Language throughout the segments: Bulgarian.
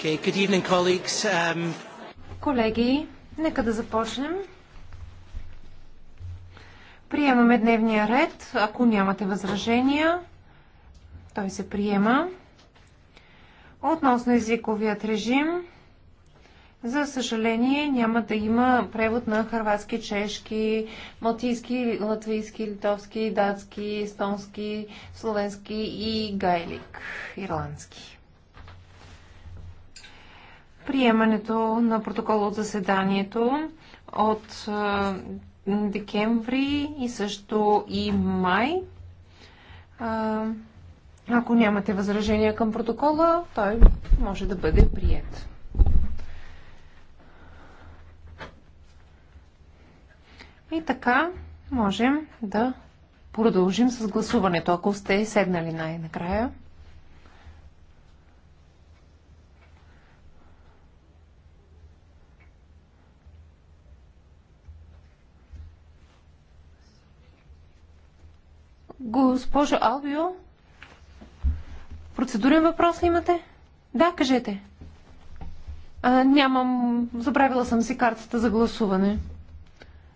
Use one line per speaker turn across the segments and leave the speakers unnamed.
Okay, good evening, colleagues. Um...
Колеги, нека да започнем. Приемаме дневния ред. Ако нямате възражения, той се приема. Относно езиковият режим, за съжаление няма да има превод на хърватски, чешки, малтийски, латвийски, литовски, датски, естонски, словенски и гайлик, ирландски приемането на протокол от заседанието от декември и също и май. Ако нямате възражения към протокола, той може да бъде прият. И така можем да продължим с гласуването, ако сте седнали най-накрая. Госпожо Албио, процедурен въпрос ли имате? Да, кажете. А, нямам, забравила съм си картата за гласуване.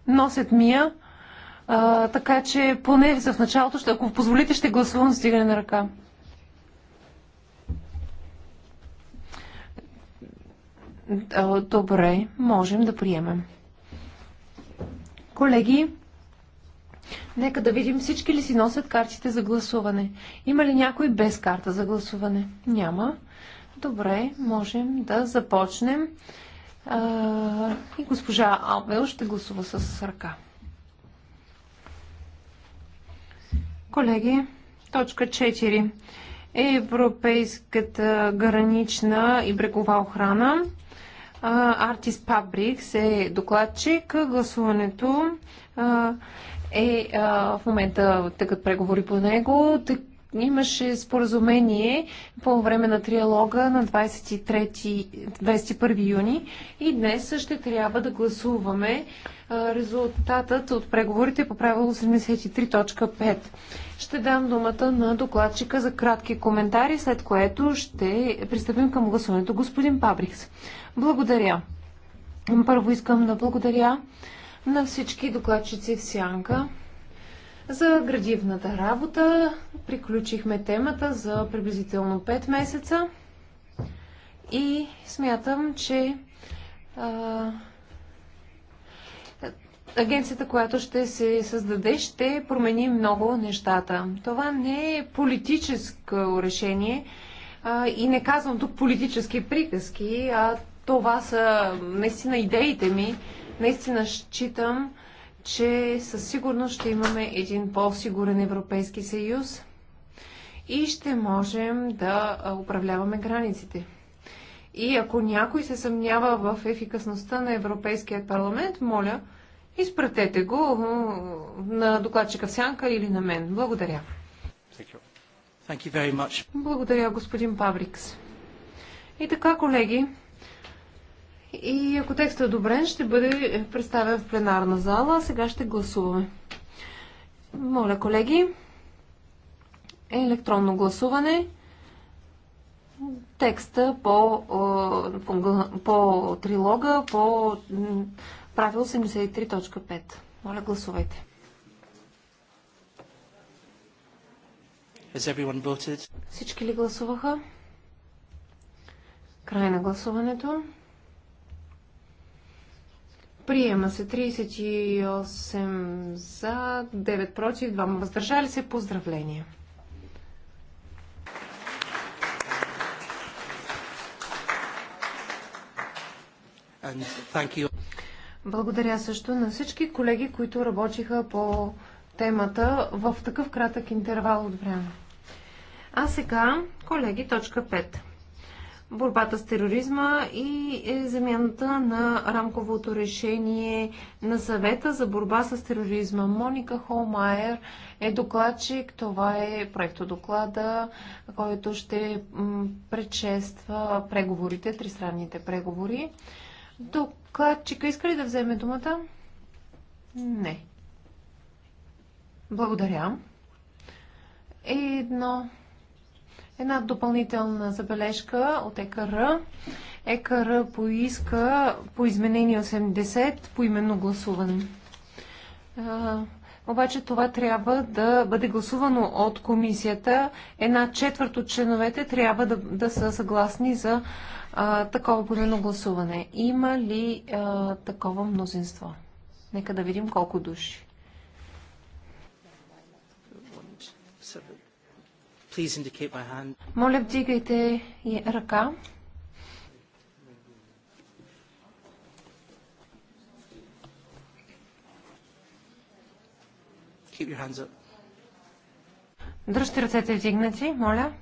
Носят мия. а, така че поне за в началото, ще, ако позволите, ще гласувам с дигане на ръка. Добре, можем да приемем. Колеги, Нека да видим всички ли си носят картите за гласуване. Има ли някой без карта за гласуване? Няма. Добре, можем да започнем. А, и госпожа Абел ще гласува с ръка. Колеги, точка 4. Европейската гранична и брегова охрана. Артис Пабрикс е докладчик. Гласуването е в момента тъкат преговори по него имаше споразумение по време на триалога на 23, 21 юни и днес ще трябва да гласуваме резултатът от преговорите по правило 83.5. Ще дам думата на докладчика за кратки коментари, след което ще пристъпим към гласуването. Господин Пабрикс, благодаря. Първо искам да благодаря на всички докладчици в Сянка. За градивната работа приключихме темата за приблизително 5 месеца и смятам, че а, агенцията, която ще се създаде, ще промени много нещата. Това не е политическо решение а, и не казвам тук политически приказки, а това са наистина идеите ми. Наистина считам, че със сигурност ще имаме един по-сигурен Европейски съюз и ще можем да управляваме границите. И ако някой се съмнява в ефикасността на Европейския парламент, моля, изпратете го на докладчика в сянка или на мен. Благодаря. Благодаря, господин Паврикс. И така, колеги, и ако текстът е одобрен, ще бъде представен в пленарна зала. Сега ще гласуваме. Моля, колеги, е електронно гласуване. Текста по, по, по трилога по правило 83.5. Моля, гласувайте. Всички ли гласуваха? Край на гласуването. Приема се 38 за, 9 против, 2 въздържали се. Поздравления! Благодаря също на всички колеги, които работиха по темата в такъв кратък интервал от време. А сега, колеги, точка 5 борбата с тероризма и е, замяната на рамковото решение на съвета за борба с тероризма. Моника Холмайер е докладчик. Това е проектодоклада, който ще предшества преговорите, тристранните преговори. Докладчика иска ли да вземе думата? Не. Благодаря. Едно Една допълнителна забележка от ЕКР. ЕКР поиска по изменение 80 по именно гласуване. обаче това трябва да бъде гласувано от комисията. Една четвърт от членовете трябва да, да са съгласни за а, такова поименно гласуване. Има ли а, такова мнозинство? Нека да видим колко души. Моля, вдигайте ръка. Keep your hands up. Дръжте ръцете вдигнати, моля.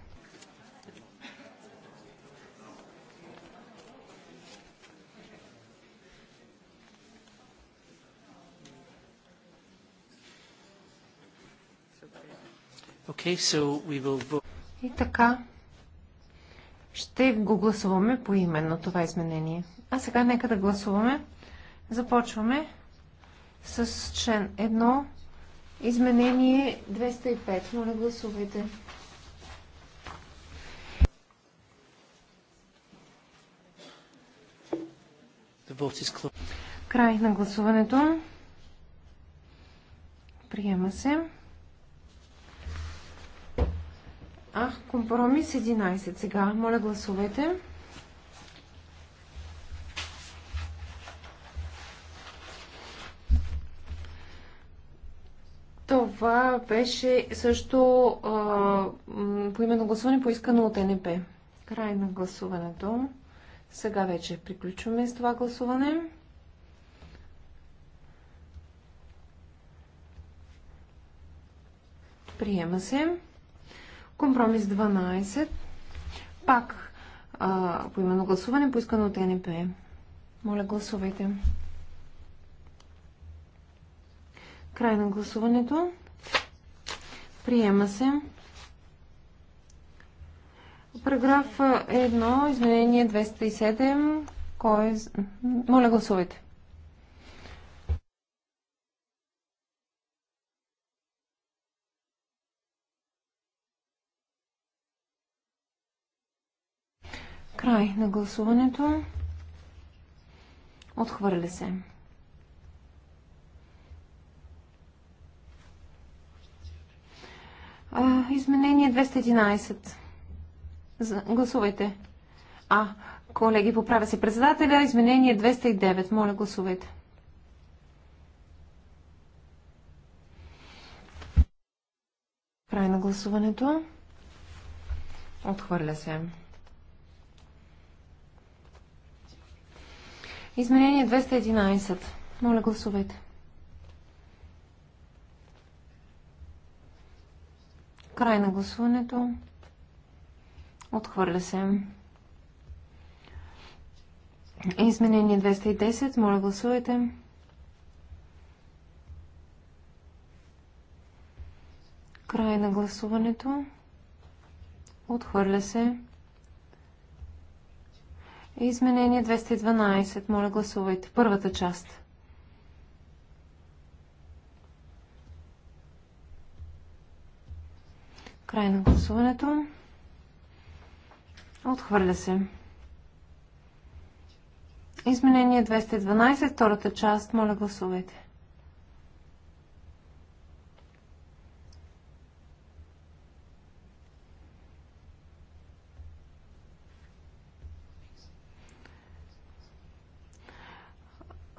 Okay, so we will...
И така, ще го гласуваме по именно това изменение. А сега нека да гласуваме. Започваме с член 1, изменение 205. Моля, гласувайте. Край на гласуването. Приема се. Ах, компромис 11 сега. Моля, гласувайте. Това беше също а, поименно гласуване, поискано от НП. Край на гласуването. Сега вече приключваме с това гласуване. Приема се. Компромис 12. Пак а, по именно гласуване, поискано от НП. Моля, гласувайте. Край на гласуването. Приема се. Параграф 1, изменение 207. Кой... Е Моля, гласувайте. Край на гласуването. Отхвърля се. Изменение 211. Гласувайте. А, колеги, поправя се председателя. Изменение 209. Моля, гласувайте. Край на гласуването. Отхвърля се. Изменение 211. Моля, гласувайте. Край на гласуването. Отхвърля се. Изменение 210. Моля, гласувайте. Край на гласуването. Отхвърля се. Изменение 212. Моля, гласувайте. Първата част. Край на гласуването. Отхвърля се. Изменение 212. Втората част. Моля, гласувайте.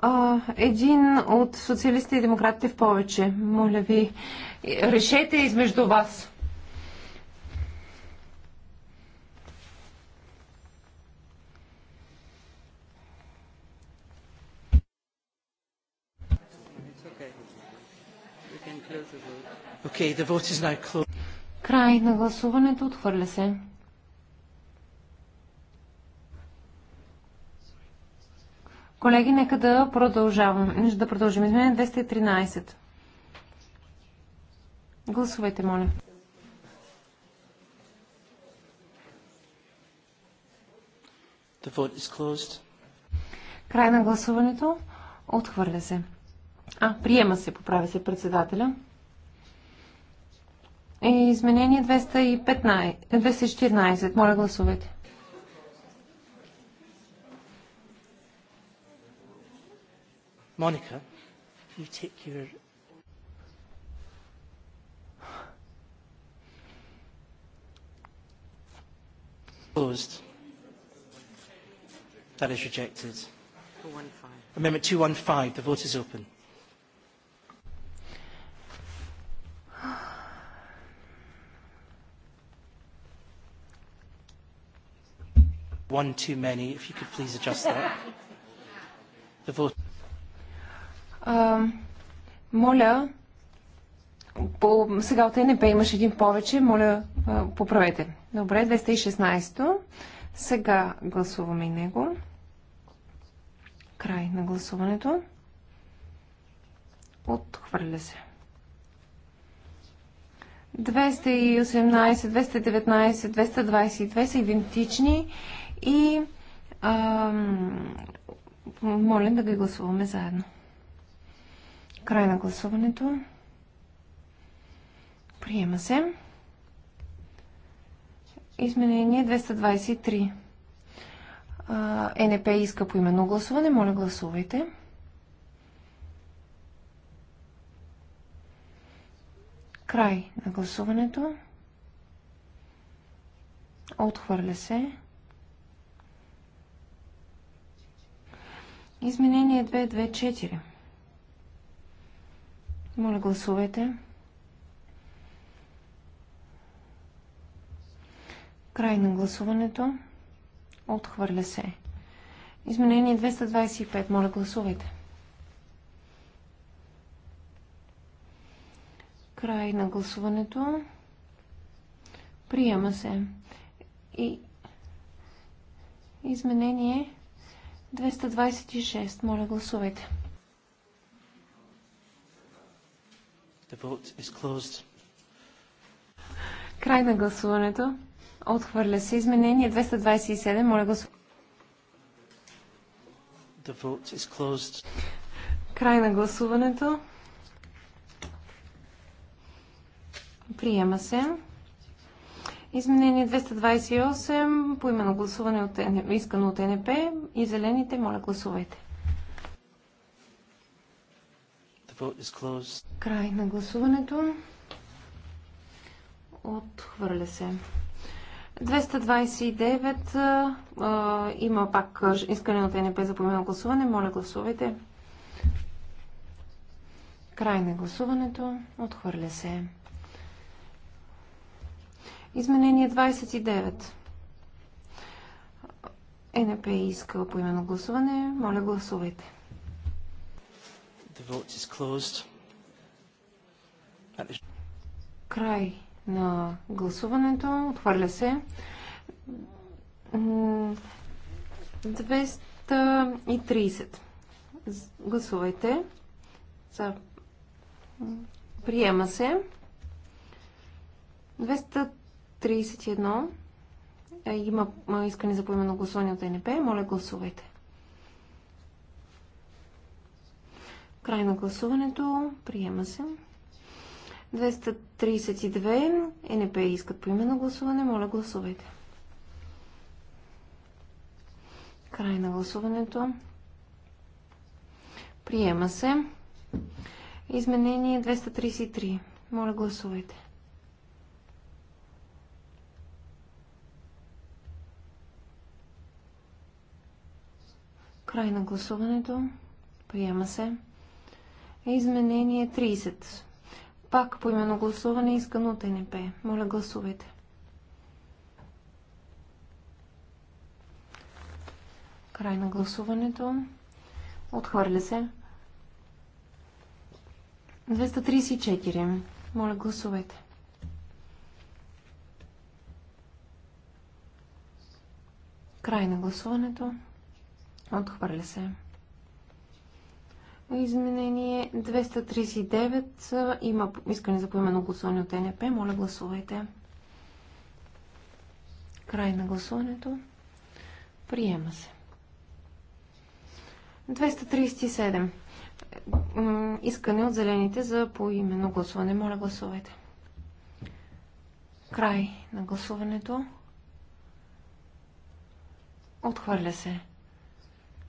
а, един от социалистите и демократите в повече. Моля ви, решете измежду вас. Okay, the vote is now closed. Край на гласуването отхвърля се. Колеги, нека да продължавам. Да продължим. Изменение 213. Гласувайте, моля.
The vote is closed.
Край на гласуването. Отхвърля се. А, приема се, поправя се председателя. Е, и изменение 215, 214. Моля, гласувайте.
Monica, you take your.
Closed. That is
rejected. Amendment 215, the vote is open. One too many, if you could please adjust that.
The vote. А, моля, по, сега от НП имаш един повече, моля, а, поправете. Добре, 216. то Сега гласуваме и него. Край на гласуването. Отхвърля се. 218, 219, 222 са идентични и ам, моля да ги гласуваме заедно. Край на гласуването. Приема се. Изменение 223. Е НП иска по именно гласуване. Моля, гласувайте. Край на гласуването. Отхвърля се. Изменение 224. Моля, гласувайте. Край на гласуването. Отхвърля се. Изменение 225. Моля, гласувайте. Край на гласуването. Приема се. И изменение 226. Моля, гласувайте.
The vote is closed.
Край на гласуването. Отхвърля се изменение 227. Моля гласу.
The vote is closed.
Край на гласуването. Приема се. Изменение 228, Поимено гласуване от, искано от НП и зелените, моля гласувайте. Край на гласуването. Отхвърля се. 229. А, има пак искане от НП за поименно гласуване. Моля, гласувайте. Край на гласуването. Отхвърля се. Изменение 29. НП иска поименно гласуване. Моля, гласувайте.
The vote is closed.
Край на гласуването. Отхвърля се. 230. Гласувайте. За. Приема се. 231. Е, има искане за поименно гласуване от НП. Моля, гласувайте. Край на гласуването. Приема се. 232. НП искат по име на гласуване. Моля, гласувайте. Край на гласуването. Приема се. Изменение 233. Моля, гласувайте. Край на гласуването. Приема се. Изменение 30. Пак по имено гласуване искано от НП. Моля гласувайте. Край на гласуването. Отхвърля се. 234. Моля гласувайте. Край на гласуването. Отхвърля се. Изменение 239. Има искане за поименно гласуване от НП. Моля, гласувайте. Край на гласуването. Приема се. 237. Искане от зелените за поименно гласуване. Моля, гласувайте. Край на гласуването. Отхвърля се.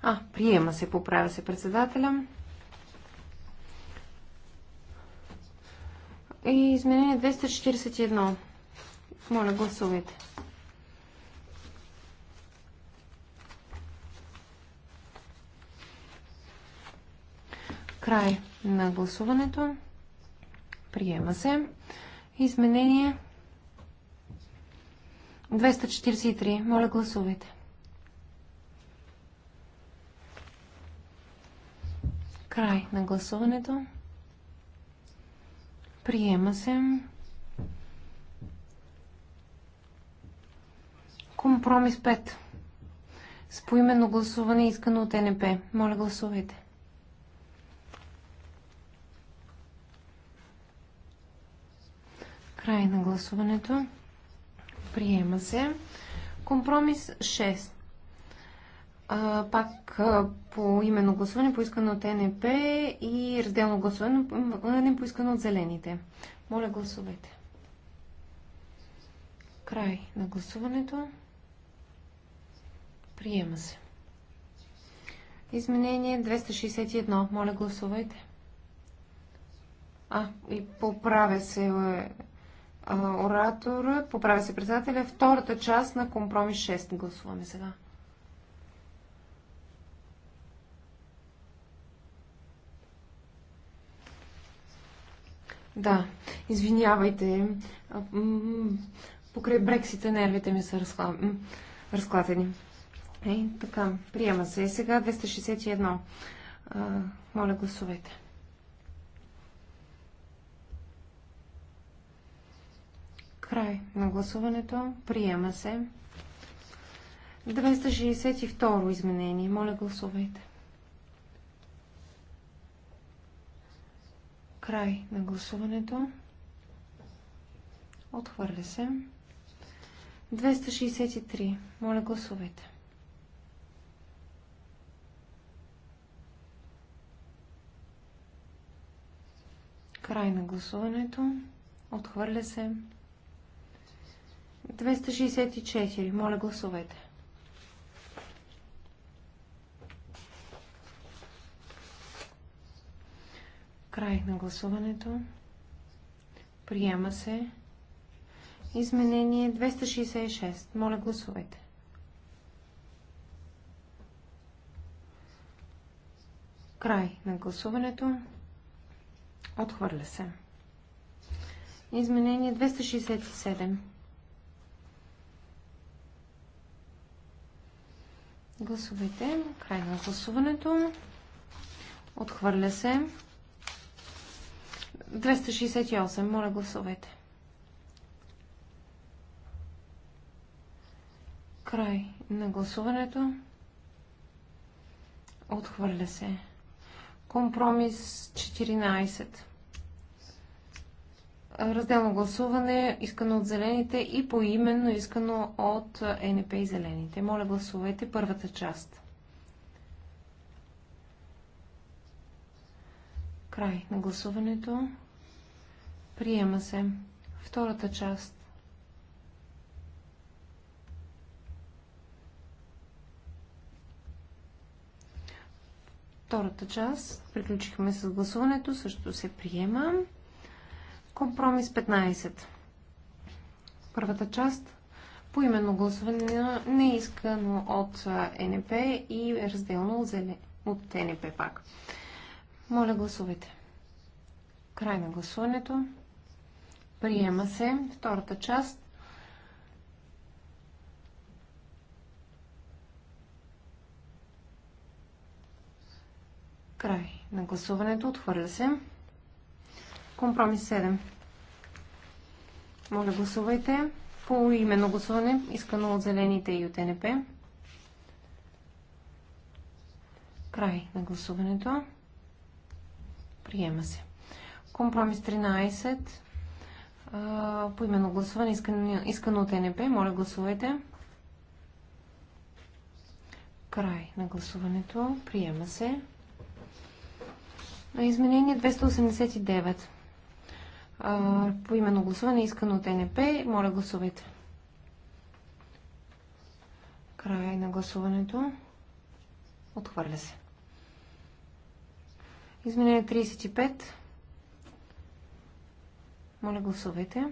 А, приема се, поправя се председателя. И изменение 241. Моля, гласувайте. Край на гласуването. Приема се. Изменение 243. Моля, гласувайте. Край на гласуването. Приема се. Компромис 5. С поименно гласуване искано от НП. Моля гласувайте. Край на гласуването. Приема се. Компромис 6 пак по именно гласуване, поискано от НП и разделно гласуване, поискано от зелените. Моля, гласувайте. Край на гласуването. Приема се. Изменение 261. Моля, гласувайте. А, и поправя се е, ораторът, поправя се председателя. Втората част на компромис 6 гласуваме сега. Да, извинявайте. Покрай Брексита нервите ми са разхла... разклатени. Ей, така, приема се. сега 261. А, моля, гласувайте. Край на гласуването. Приема се. 262 изменение. Моля, гласувайте. Край на гласуването. Отхвърля се. 263. Моля, гласувайте. Край на гласуването. Отхвърля се. 264. Моля, гласувайте. Край на гласуването. Приема се. Изменение 266. Моля, гласувайте. Край на гласуването. Отхвърля се. Изменение 267. Гласувайте. Край на гласуването. Отхвърля се. 268. Моля, гласовете. Край на гласуването. Отхвърля се. Компромис 14. Разделно гласуване, искано от зелените и поименно искано от НП и зелените. Моля, гласувайте първата част. Край на гласуването. Приема се. Втората част. Втората част. Приключихме с гласуването. Също се приема. Компромис 15. Първата част. По именно гласуване не искано от НП и разделно от НП пак. Моля, гласувайте. Край на гласуването. Приема се. Втората част. Край на гласуването. Отхвърля се. Компромис 7. Моля, гласувайте по именно гласуване, искано от зелените и от НП. Край на гласуването. Приема се. Компромис 13. По именно гласуване, искано, от НП. Моля, гласувайте. Край на гласуването. Приема се. Изменение 289. По именно гласуване, искано от НП. Моля, гласувайте. Край на гласуването. Отхвърля се. Изменение 35. Моля, гласувайте.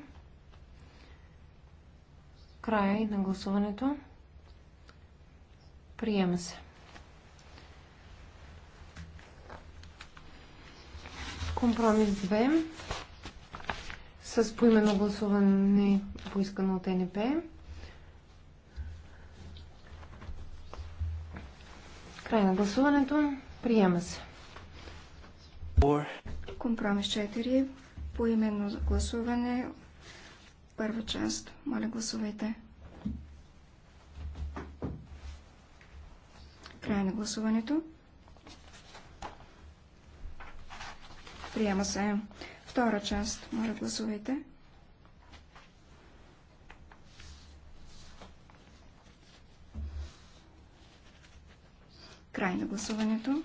Край на гласуването. Приема се. Компромис 2 с поименно гласуване поискано от НП. Край на гласуването. Приема се. Компромис 4
по именно гласуване, първа част. Моля, гласувайте. Край на гласуването. Приема се. Втора част. Моля, гласувайте. Край на гласуването.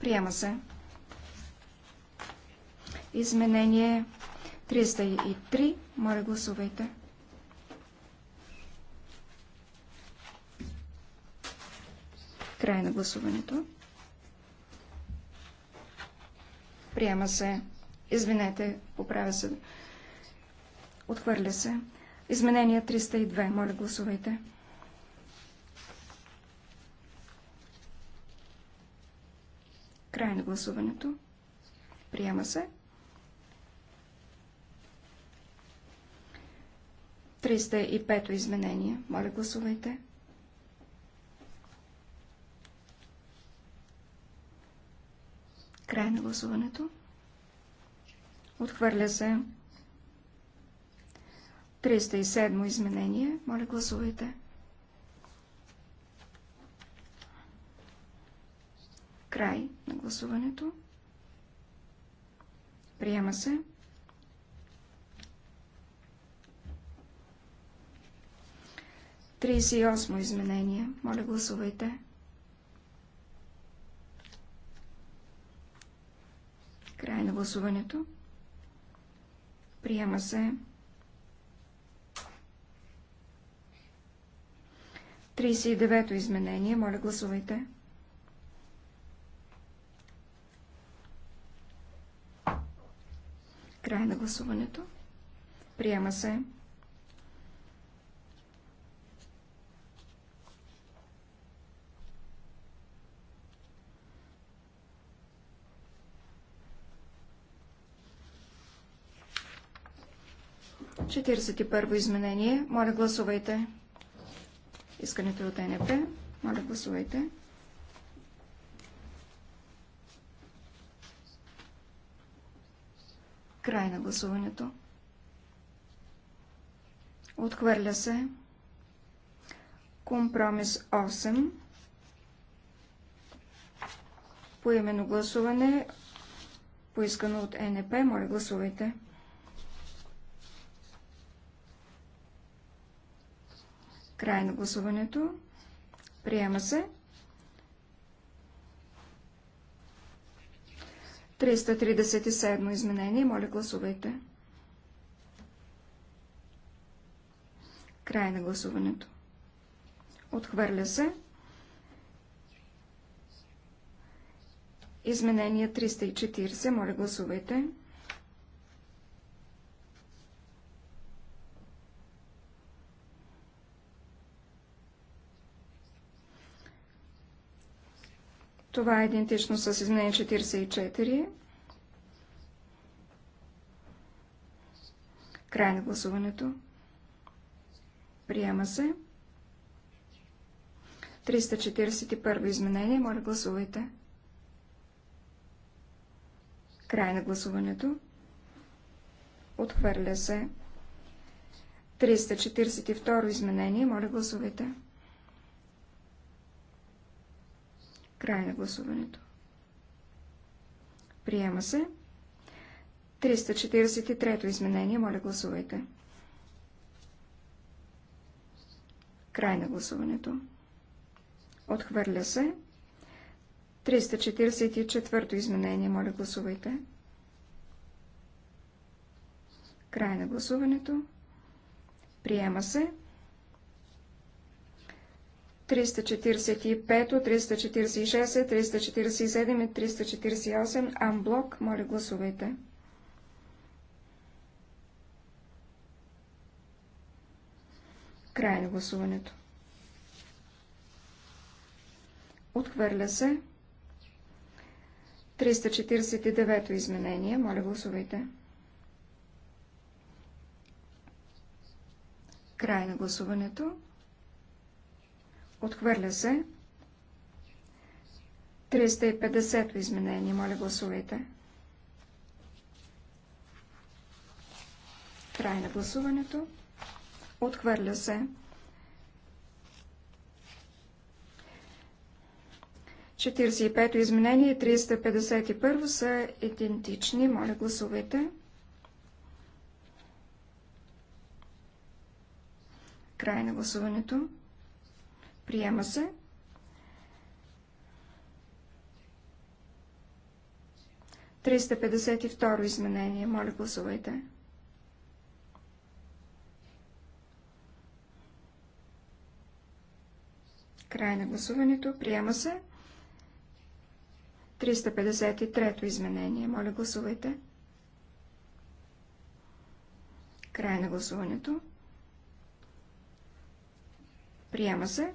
Приема се. Изменение 303. Моля, гласувайте. Край на гласуването. Приема се. Извинете, поправя се. Отхвърля се. Изменение 302. Моля, гласувайте. Край на гласуването. Приема се. 305 изменение. Моля, гласувайте. Край на гласуването. Отхвърля се. 307 изменение. Моля, гласувайте. Край на гласуването. Приема се. Тридесет и осмо изменение. Моля, гласувайте. Край на гласуването. Приема се. 39-то изменение. Моля, гласувайте. Край на гласуването. Приема се. Четиридесет и първо изменение. Моля, гласувайте. Искането е от НП. Моля, гласувайте. Край на гласуването. Отхвърля се. Компромис 8. Поименно гласуване, поискано от НП. Моля, гласувайте. Край на гласуването. Приема се. 337 изменение. Моля, гласувайте. Край на гласуването. Отхвърля се. Изменение 340. Моля, гласувайте. Това е идентично с изменение 44. Край на гласуването. Приема се. 341 изменение. Моля, гласувайте. Край на гласуването. Отхвърля се. 342 изменение. Моля, гласувайте. Край на гласуването. Приема се. 343-то изменение. Моля, гласувайте. Край на гласуването. Отхвърля се. 344-то изменение. Моля, гласувайте. Край на гласуването. Приема се. 345, 346, 347 и 348 амблок. Моля, гласувайте. Край на гласуването. Отхвърля се. 349 изменение. Моля, гласувайте. Край на гласуването. Отхвърля се. 350-то изменение. Моля, гласувайте. Край на гласуването. Отхвърля се. 45-то изменение и 351 са идентични. Моля, гласувайте. Край на гласуването. Приема се. Триста петдесет и второ изменение. Моля, гласувайте. Край на гласуването. Приема се. 353 трето изменение. Моля, гласувайте. Край на гласуването. Приема се.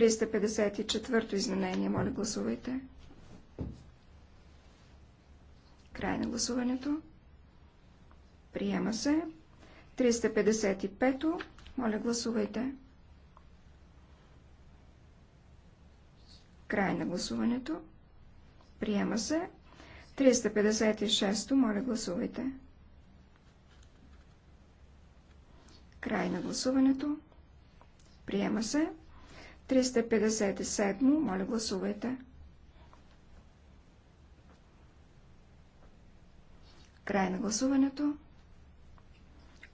354-то изменение. Моля, гласувайте. Край на гласуването. Приема се. 355-то. Моля, гласувайте. Край на гласуването. Приема се. 356-то. Моля, гласувайте. Край на гласуването. Приема се. 357. Моля, гласувайте. Край на гласуването.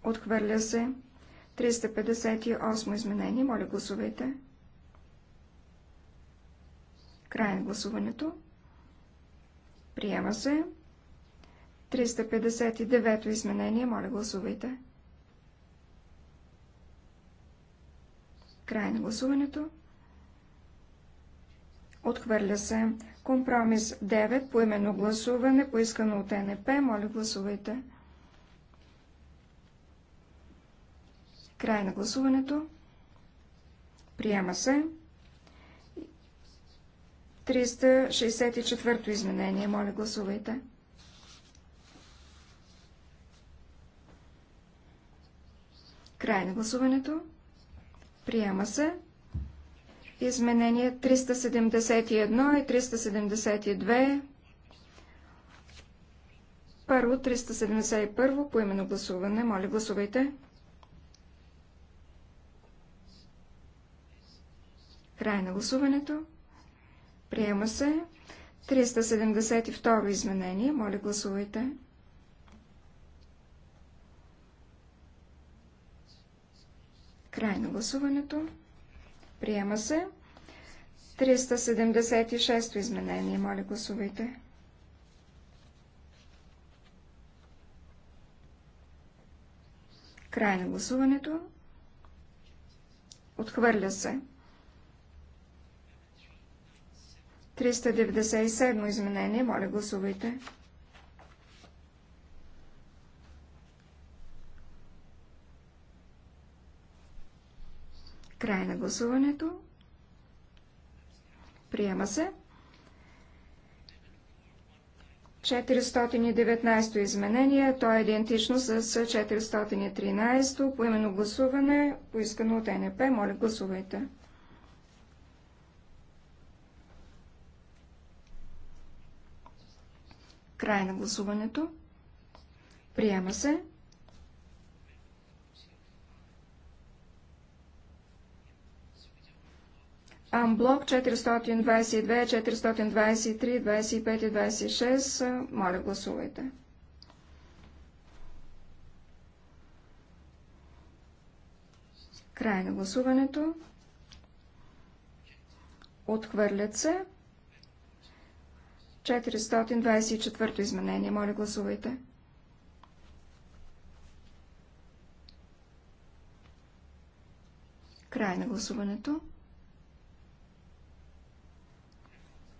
Отхвърля се. 358 изменение. Моля, гласувайте. Край на гласуването. Приема се. 359 изменение. Моля, гласувайте. Край на гласуването. Отхвърля се. Компромис 9. по именно гласуване, поискано от НП. Моля, гласувайте. Край на гласуването. Приема се. 364-то изменение. Моля, гласувайте. Край на гласуването. Приема се. Изменения 371 и 372. Първо 371 по именно гласуване. Моля, гласувайте. Край на гласуването. Приема се. 372 изменение. Моля, гласувайте. Край на гласуването. Приема се. 376 изменение. Моля, гласувайте. Край на гласуването. Отхвърля се. 397 изменение. Моля, гласувайте. Край на гласуването. Приема се. 419 то изменение, то е идентично с 413 по именно гласуване, поискано от НП. Моля, гласувайте. Край на гласуването. Приема се. Амблок 422, 423, 25 и 26. Моля, гласувайте. Край на гласуването. Отхвърлят се. 424 то изменение. Моля, гласувайте. Край на гласуването.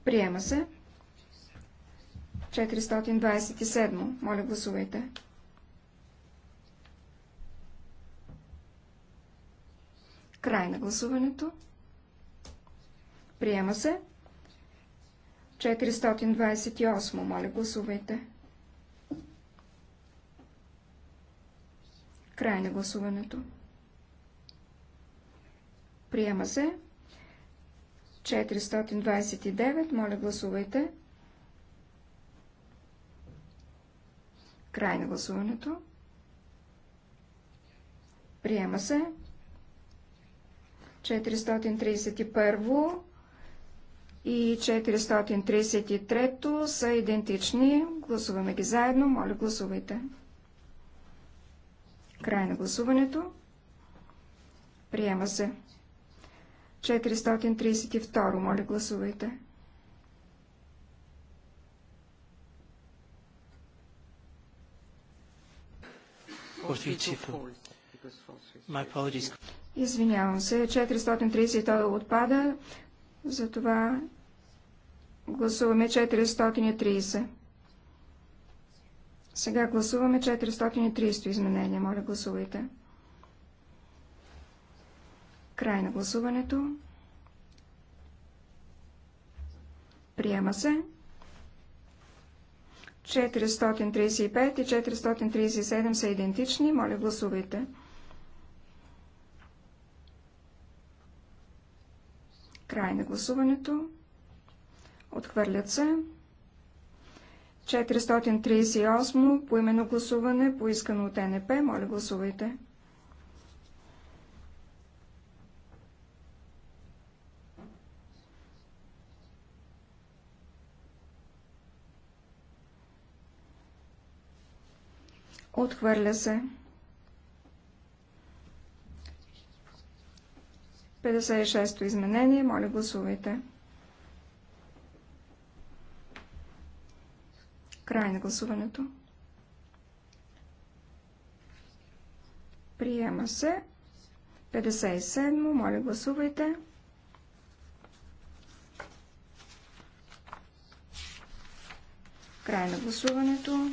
Приема се. 427. Моля, гласувайте. Край на гласуването. Приема се. 428. Моля, гласувайте. Край на гласуването. Приема се. 429. Моля, гласувайте. Край на гласуването. Приема се. 431 и 433 са идентични. Гласуваме ги заедно. Моля, гласувайте. Край на гласуването. Приема се. 432. Моля, гласувайте. Извинявам се, 432 отпада, затова гласуваме 430. Сега гласуваме 430 изменения. Моля, гласувайте. Край на гласуването. Приема се. 435 и 437 са идентични. Моля, гласувайте. Край на гласуването. Отхвърлят се. 438 по именно гласуване, поискано от НП. Моля, гласувайте. Отхвърля се. 56-то изменение. Моля, гласувайте. Край на гласуването. Приема се. 57. Моля, гласувайте. Край на гласуването.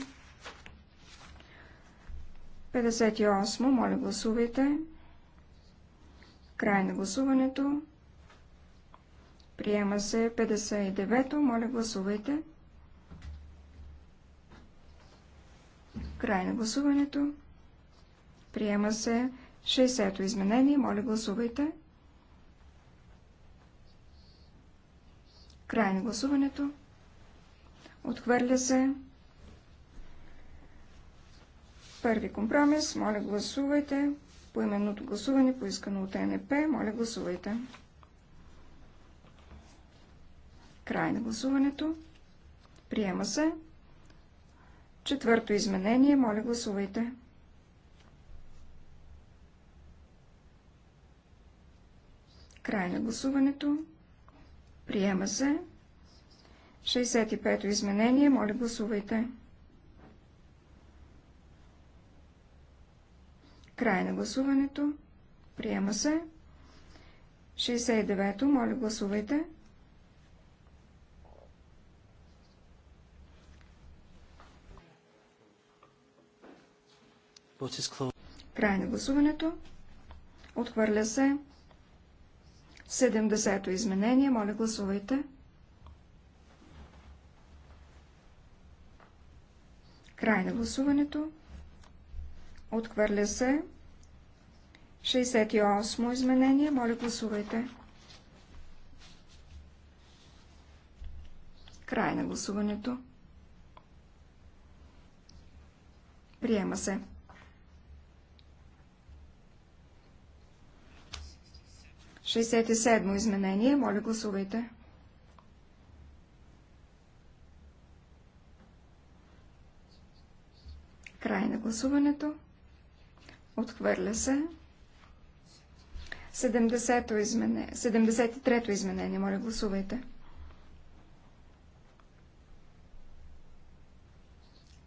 58. Моля, гласувайте. Край на гласуването. Приема се 59. Моля, гласувайте. Край на гласуването. Приема се 60-то изменение. Моля, гласувайте. Край на гласуването. Отхвърля се Първи компромис. Моля, гласувайте. именното гласуване, поискано от НП. Моля, гласувайте. Край на гласуването. Приема се. Четвърто изменение. Моля, гласувайте. Край на гласуването. Приема се. 65-то изменение. Моля, гласувайте. Край на гласуването. Приема се. 69-то. Моля, гласувайте. Край на гласуването. Отхвърля се. 70-то изменение. Моля, гласувайте. Край на гласуването. Отхвърля се. 68 изменение. Моля, гласувайте. Край на гласуването. Приема се. Шестдесет и седмо изменение. Моля, гласувайте. Край на гласуването. Отхвърля се. 70-то 73-то изменение. Моля, гласувайте.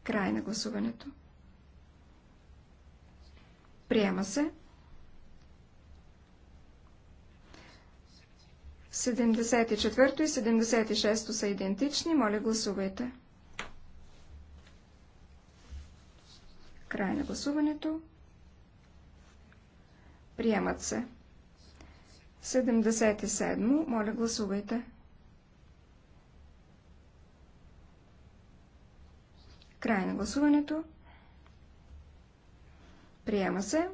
Край на гласуването. Приема се. 74 то и 76 то са идентични. Моля, гласувайте. Край на гласуването. Приемат се. 77. Моля, гласувайте. Край на гласуването. Приема се.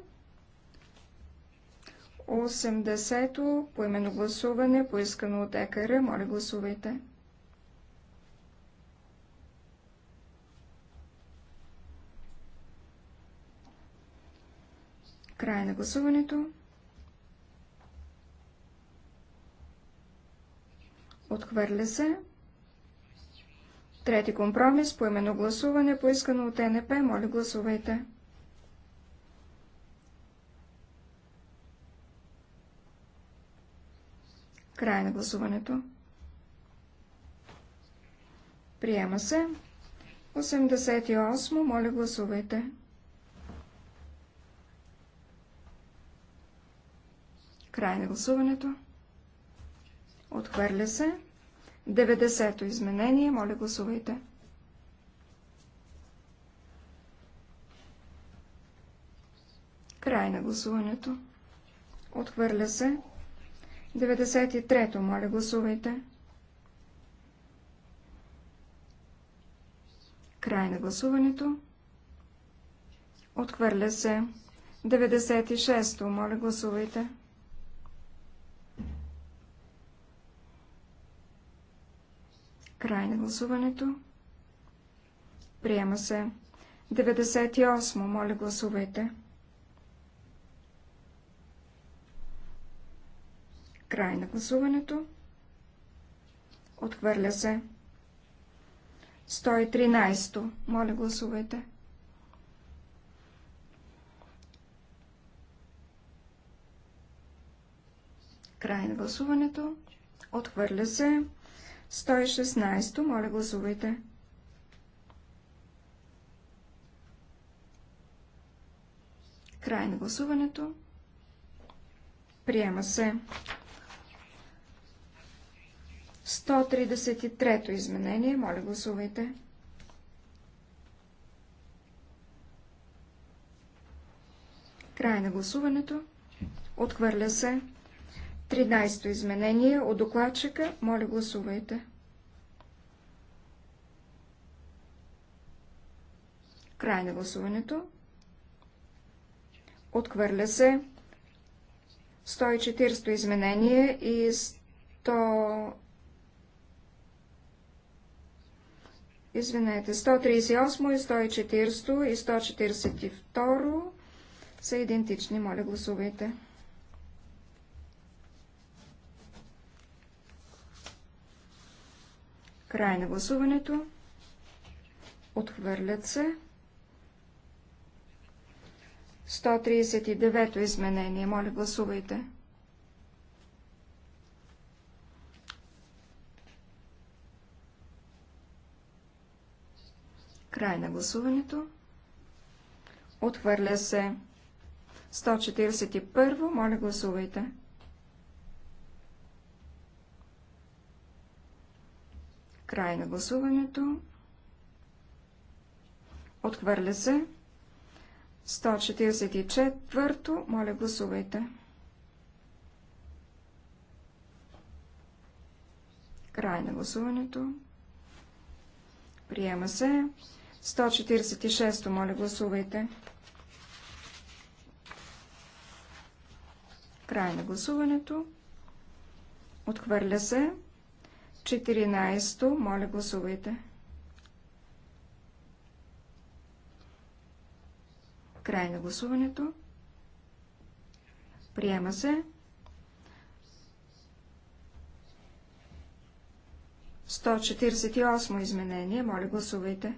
80-то поименно гласуване, поискано от ЕКР. Моля, гласувайте. Край на гласуването. Отхвърля се. Трети компромис по именно гласуване, поискано от НП. Моля, гласувайте. Край на гласуването. Приема се. 88. Моля, гласувайте. Край на гласуването. Отхвърля се. 90-то изменение. Моля, гласувайте. Край на гласуването. Отхвърля се. 93-то. Моля, гласувайте. Край на гласуването. Отхвърля се. 96-то. Моля, гласувайте. Край на гласуването. Приема се. 98. Моля, гласувайте. Край на гласуването. Отхвърля се. 113. Моля, гласувайте. Край на гласуването. Отхвърля се. 116. Моля, гласувайте. Край на гласуването. Приема се. 133-то изменение. Моля, гласувайте. Край на гласуването. Отхвърля се. 13-то изменение от докладчика. Моля, гласувайте. Край на гласуването. Отхвърля се 140-то изменение и 100... Извинете, 138 и 140 и 142 са идентични. Моля, гласувайте. Край на гласуването. Отхвърлят се. 139-то изменение. Моля, гласувайте. Край на гласуването. Отхвърля се. 141. Моля, гласувайте. Край на гласуването. Отхвърля се. 144. Моля, гласувайте. Край на гласуването. Приема се. 146. то Моля, гласувайте. Край на гласуването. Отхвърля се. 14. Моля, гласувайте. Край на гласуването. Приема се. 148 изменение. Моля, гласувайте.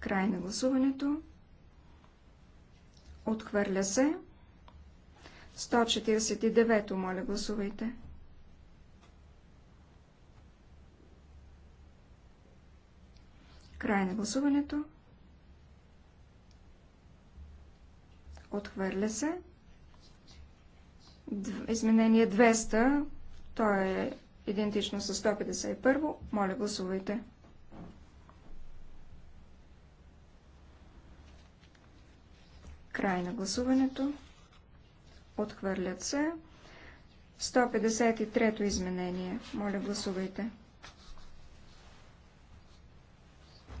Край на гласуването. Отхвърля се. 149-то, моля, гласувайте. Край на гласуването. Отхвърля се. Изменение 200. То е идентично с 151. Моля, гласувайте. Край на гласуването. Отхвърлят се. 153-то изменение. Моля, гласувайте.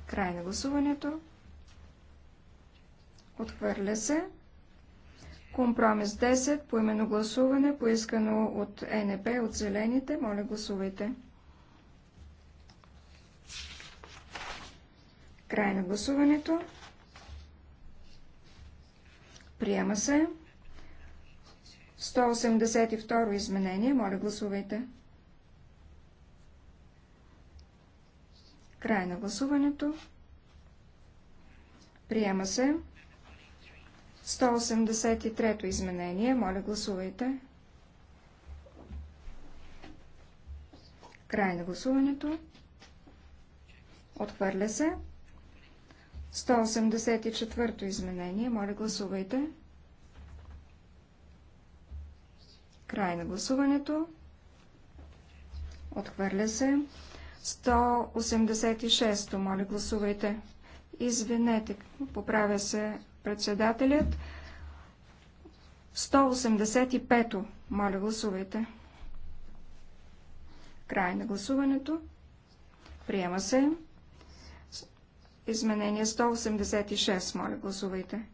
Край на гласуването. Отхвърля се. Компромис 10. по именно гласуване, поискано от НП, от зелените. Моля, гласувайте. Край на гласуването. Приема се. 182 изменение. Моля, гласувайте. Край на гласуването. Приема се. 183 изменение. Моля, гласувайте. Край на гласуването. Отхвърля се. 184 изменение. Моля, гласувайте. Край на гласуването. Отхвърля се. 186. Моля, гласувайте. Извинете, поправя се председателят. 185. Моля, гласувайте. Край на гласуването. Приема се. Изменение 186. Моля, гласувайте.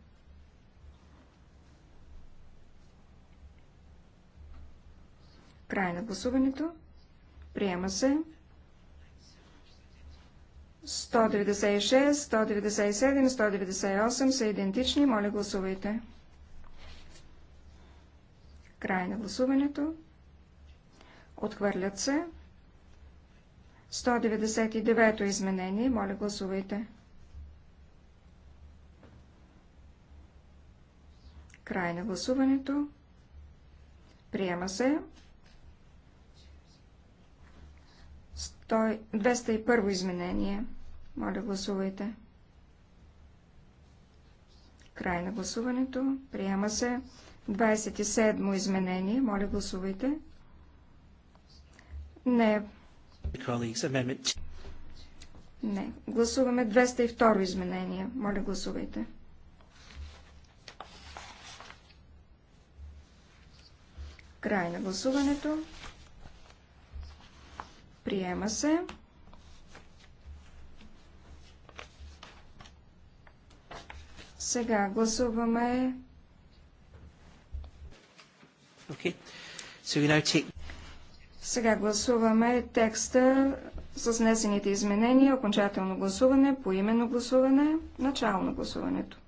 Край на гласуването. Приема се. 196, 197, 198 са идентични. Моля, гласувайте. Край на гласуването. Отхвърлят се. 199 изменение. Моля, гласувайте. Край на гласуването. Приема се. Той 201 изменение. Моля, гласувайте. Край на гласуването. Приема се 27 изменение. Моля, гласувайте. Не. Не. Гласуваме 202 изменение. Моля, гласувайте. Край на гласуването. Приема се. Сега гласуваме.
Okay. So we take...
Сега гласуваме текста с внесените изменения, окончателно гласуване, поименно гласуване, начало на гласуването.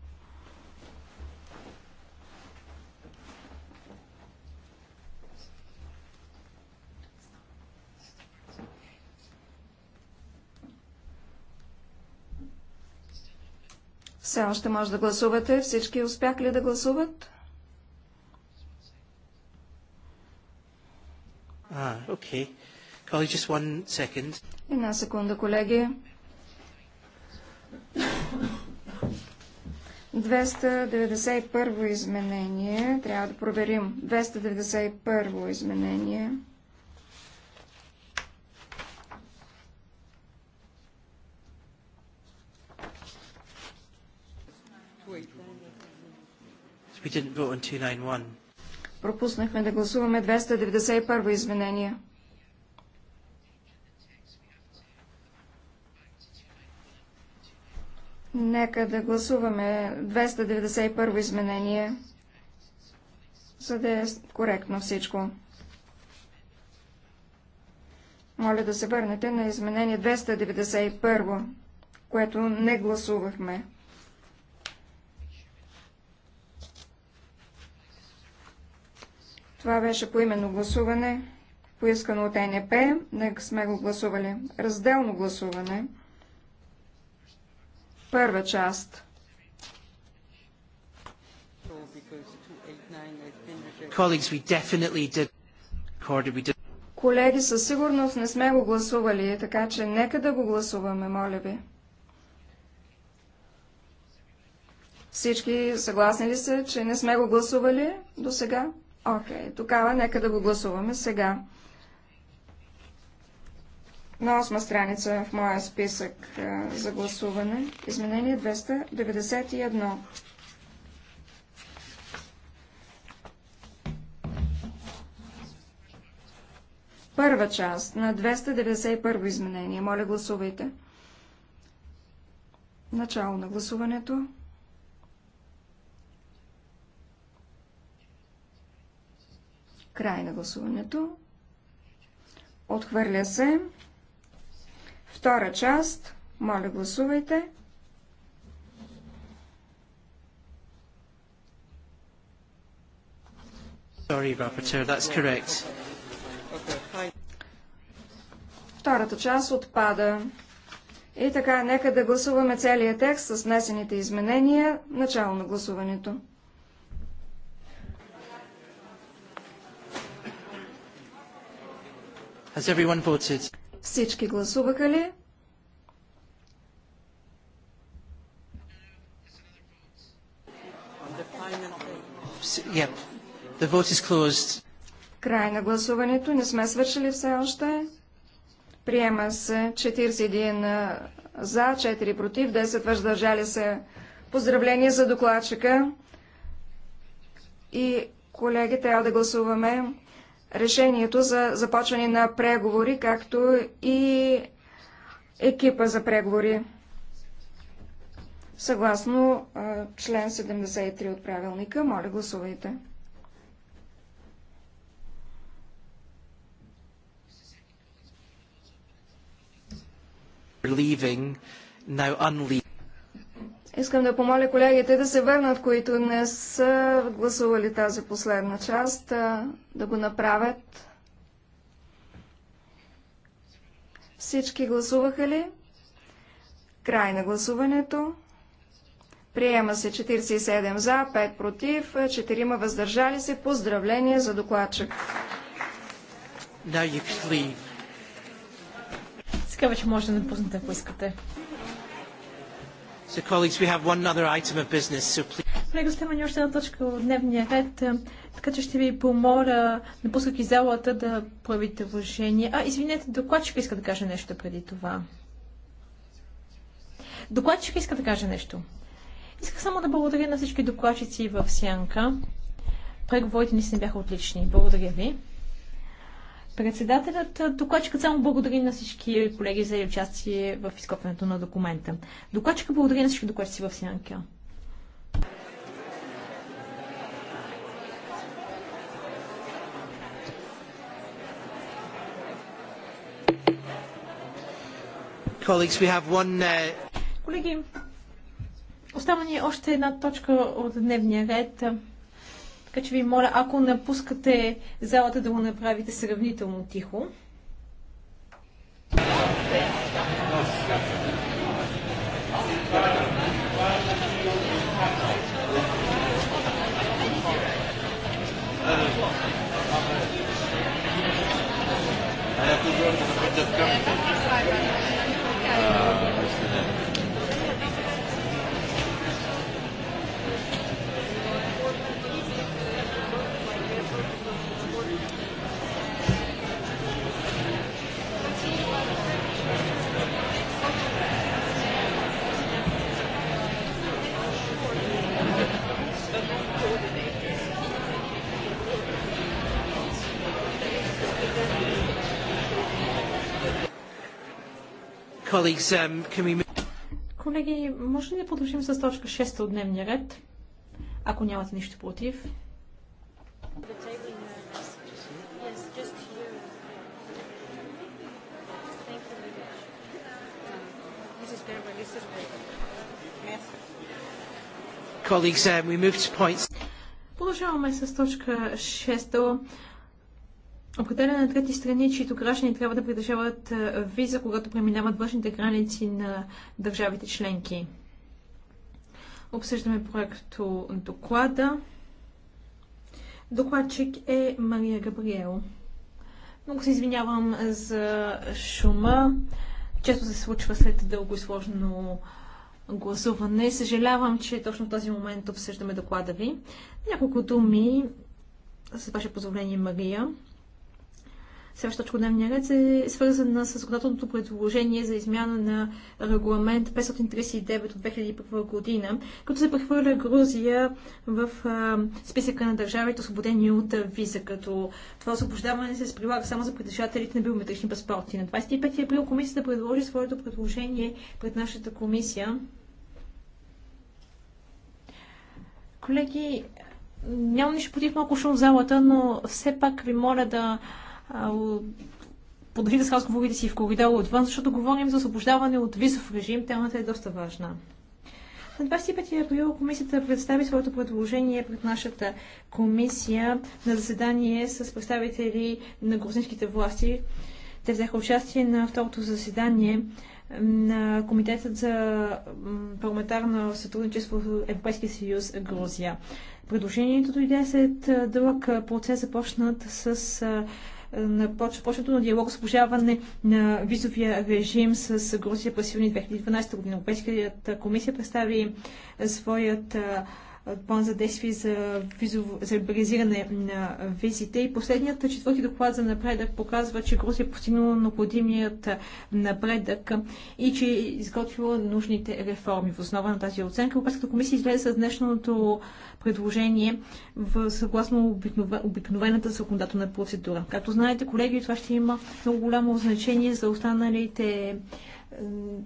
Все още може да гласувате. Всички успях ли да гласуват?
А, окей. Колеги, just one second.
Една секунда, колеги. 291 изменение. Трябва да проверим. 291 изменение. We didn't vote on 291. Пропуснахме да гласуваме 291 изменение. Нека да гласуваме 291 изменение, за да е коректно всичко. Моля да се върнете на изменение 291, което не гласувахме. Това беше поименно гласуване, поискано от НП. Нека сме го гласували. Разделно гласуване. Първа част. Колеги, със сигурност не сме го гласували, така че нека да го гласуваме, моля ви. Всички съгласни ли са, че не сме го гласували до сега? Окей, okay, тогава нека да го гласуваме сега. На осма страница в моя списък а, за гласуване. Изменение 291. Първа част на 291 изменение. Моля, гласувайте. Начало на гласуването. Край на гласуването. Отхвърля се. Втора част. Моля, гласувайте. Sorry, Rapporteur, that's correct. Втората част отпада. И така, нека да гласуваме целият текст с внесените изменения. Начало на гласуването. Всички гласуваха ли? Yep. The vote is closed. Край на гласуването. Не сме свършили все още. Приема се 41 за, 4 против, 10 въздържали се. Поздравление за докладчика. И колеги, трябва да гласуваме решението за започване на преговори, както и екипа за преговори, съгласно член 73 от правилника. Моля, гласувайте.
leaving, now unleaving.
Искам да помоля колегите да се върнат, които не са гласували тази последна част, да го направят. Всички гласуваха ли? Край на гласуването. Приема се 47 за, 5 против, 4 ма въздържали се. Поздравление за докладчик.
Сега вече може да напуснете, ако искате.
So colleagues, we have one other item of business, so please...
Колеги, остава ни още една точка от дневния ред, така че ще ви помоля, напускайки залата, да проявите уважение. А, извинете, докладчика иска да каже нещо преди това. Докладчика иска да каже нещо. Исках само да благодаря на всички докладчици в Сянка. Преговорите ни се бяха отлични. Благодаря ви. Председателят докладчика само благодари на всички колеги за участие в изкопването на документа. Докладчика благодари на всички докладчици в Сянка. Uh, колеги, остава ни още една точка от дневния ред. Така че ви моля, ако напускате залата, да го направите сравнително тихо. Thank you. Um, Колеги, може ли да продължим с точка 6 от дневния ред? Ако нямате нищо против. Um, Продължаваме с точка 6 Определено на трети страни, чието граждани трябва да притежават виза, когато преминават външните граници на държавите членки. Обсъждаме проекто доклада. Докладчик е Мария Габриел. Много се извинявам за шума. Често се случва след дълго и сложно гласуване. Съжалявам, че точно в този момент обсъждаме доклада ви. Няколко думи, с ваше позволение, Мария. Следващата точка дневния ред е свързана с законодателното предложение за измяна на регламент 539 от 2001 година, като се прехвърля Грузия в списъка на държавите, освободени от виза, като това освобождаване се прилага само за притежателите на биометрични паспорти. На 25 април комисията предложи своето предложение пред нашата комисия. Колеги, нямам нищо против малко шум в залата, но все пак ви моля да да с разговорите си в коридора отвън, защото говорим за освобождаване от визов режим. Темата е доста важна. На 25 април комисията представи своето предложение пред нашата комисия на заседание с представители на грузинските власти. Те взеха участие на второто заседание на Комитетът за парламентарно сътрудничество в Европейския съюз Грузия. Предложението дойде след дълъг процес, започнат с на почването на диалог с пожаване на визовия режим с Грузия през юни 2012 година. Европейската комисия представи своят план за действие за, визово, за либерализиране на визите. И последният четвърти доклад за напредък показва, че Грузия е постигнала необходимият напредък и че е изготвила нужните реформи. В основа на тази оценка Европейската комисия излезе с днешното предложение в, съгласно обикновен, обикновената законодателна процедура. Както знаете, колеги, това ще има много голямо значение за останалите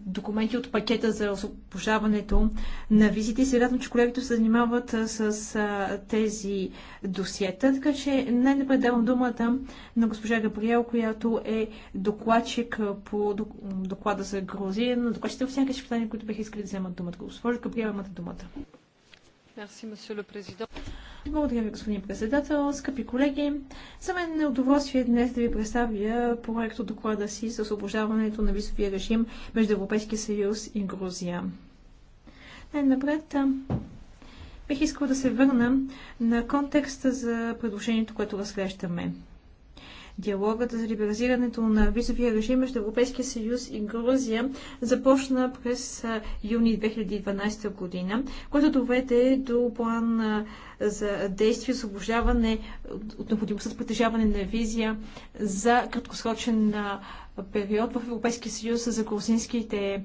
документи от пакета за освобождаването на визите. Сега, се радвам, че колегите се занимават с а, тези досиета. Така че най-напред давам думата на госпожа Габриел, която е докладчик по доклада за Грузия, но докладчите във всяка питания, които бих искали да вземат думата. Госпожа Габриел, имате думата.
Мерси, президент.
Благодаря ви, господин председател. Скъпи колеги, за мен е удоволствие днес да ви представя проект от доклада си с освобождаването на висовия режим между Европейския съюз и Грузия. Най-напред бих искал да се върна на контекста за предложението, което разглеждаме. Диалогът за либерализирането на визовия режим между Европейския съюз и Грузия започна през юни 2012 година, което доведе до план за действие, освобождаване от необходимостта притежаване на визия за краткосрочен период в Европейския съюз за грузинските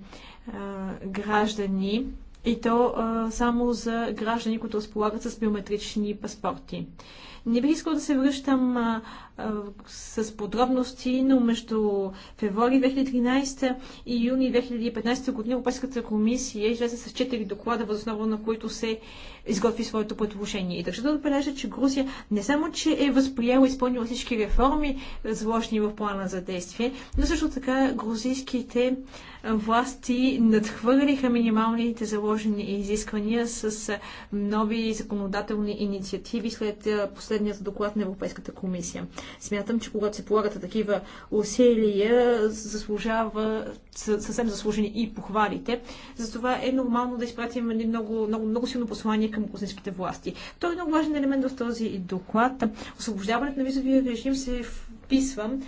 граждани и то само за граждани, които разполагат с биометрични паспорти. Не бих искал да се връщам а, а, с подробности, но между февруари 2013 и юни 2015 година Европейската комисия излезе с 4 доклада, възоснова на които се изготви своето предложение. И държа да отбележа, че Грузия не само, че е възприела и изпълнила всички реформи, заложени в плана за действие, но също така грузийските власти надхвърлиха минималните заложени изисквания с нови законодателни инициативи след последните последният доклад на Европейската комисия. Смятам, че когато се полагат такива усилия, заслужава, съвсем заслужени и похвалите. Затова е нормално да изпратим един много, много, много силно послание към космическите власти. Той е много важен елемент в този доклад. Освобождаването на визовия режим се вписвам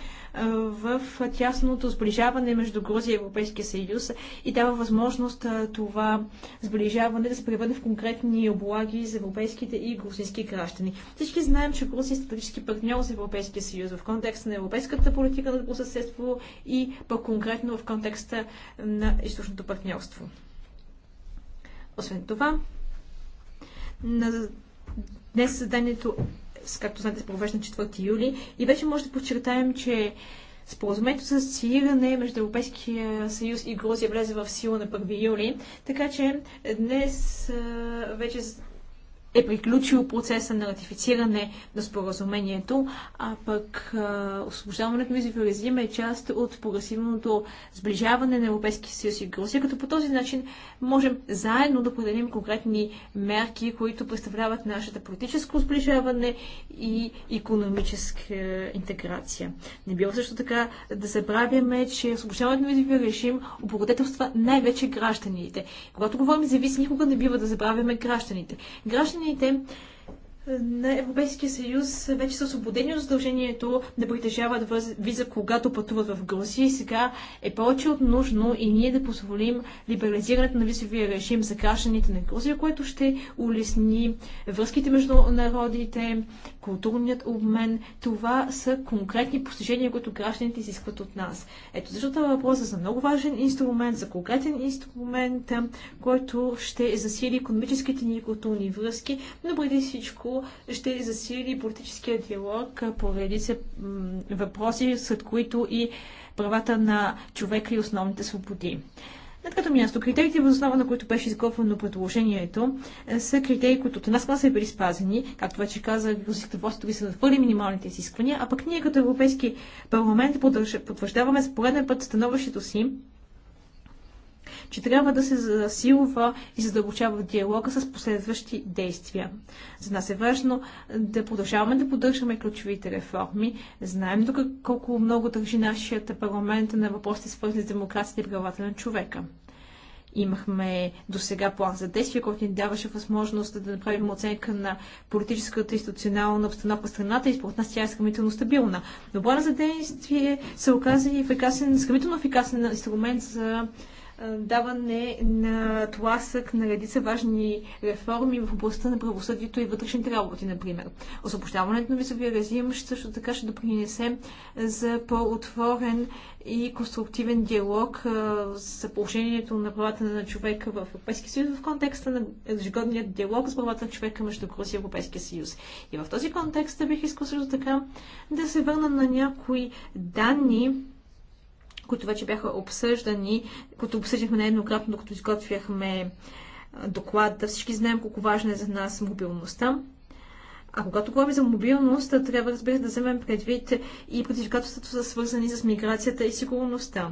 в тясното сближаване между Грузия и Европейския съюз и дава възможност това сближаване да се превърне в конкретни облаги за европейските и грузински граждани. Всички знаем, че Грузия е стратегически партньор за Европейския съюз в контекста на европейската политика на съседство и по-конкретно в контекста на източното партньорство. Освен това, на днес заданието както знаете, се провежда на 4 юли. И вече може да подчертаем, че Споразумението за асоцииране между Европейския съюз и Грузия влезе в сила на 1 юли, така че днес вече е приключил процеса на ратифициране на споразумението, а пък освобождаването на визовия е част от прогресивното сближаване на Европейския съюз и Грузия, като по този начин можем заедно да поделим конкретни мерки, които представляват нашата политическо сближаване и економическа интеграция. Не било също така да забравяме, че освобождаването на визовия режим облагодетелства най-вече гражданите. Когато говорим за виз, никога не бива да забравяме гражданите. Гражданите гражданите на Европейския съюз вече са освободени от задължението да притежават виза, когато пътуват в Грузия. И сега е повече от нужно и ние да позволим либерализирането на визовия режим за гражданите на Грузия, което ще улесни връзките между народите, културният обмен. Това са конкретни постижения, които гражданите изискват от нас. Ето защото въпроса за много важен инструмент, за конкретен инструмент, който ще засили економическите ни и културни връзки, но преди всичко ще засили политическия диалог по редица въпроси, след които и правата на човека и основните свободи. На трето място, критериите, въз основа на които беше изготвено предложението, са критерии, които от една страна са били спазени, както вече каза, руските власти ви са надхвърли минималните изисквания, а пък ние като Европейски парламент потвърждаваме с пореден път становището си, че трябва да се засилва и задълбочава диалога с последващи действия. За нас е важно да продължаваме да поддържаме ключовите реформи. Знаем тук колко много държи нашият парламент на въпросите свързани с демокрацията и правата на човека. Имахме до сега план за действие, който ни даваше възможност да направим оценка на политическата и институционална обстановка в страната и според нас тя е сравнително стабилна. Но план за действие се оказа и ефикасен, сравнително ефикасен инструмент за даване на тласък на редица важни реформи в областта на правосъдието и вътрешните работи, например. Освобождаването на визовия режим също така ще допринесе за по-отворен и конструктивен диалог за положението на правата на човека в Европейския съюз в контекста на ежегодния диалог с правата на човека между Грузия и Европейския съюз. И в този контекст бих искал също така да се върна на някои данни, които вече бяха обсъждани, които обсъждахме нееднократно, докато изготвяхме доклада. Всички знаем колко важна е за нас мобилността. А когато говорим за мобилност, трябва, разбира, да вземем предвид и предизвикателствата са свързани с миграцията и сигурността.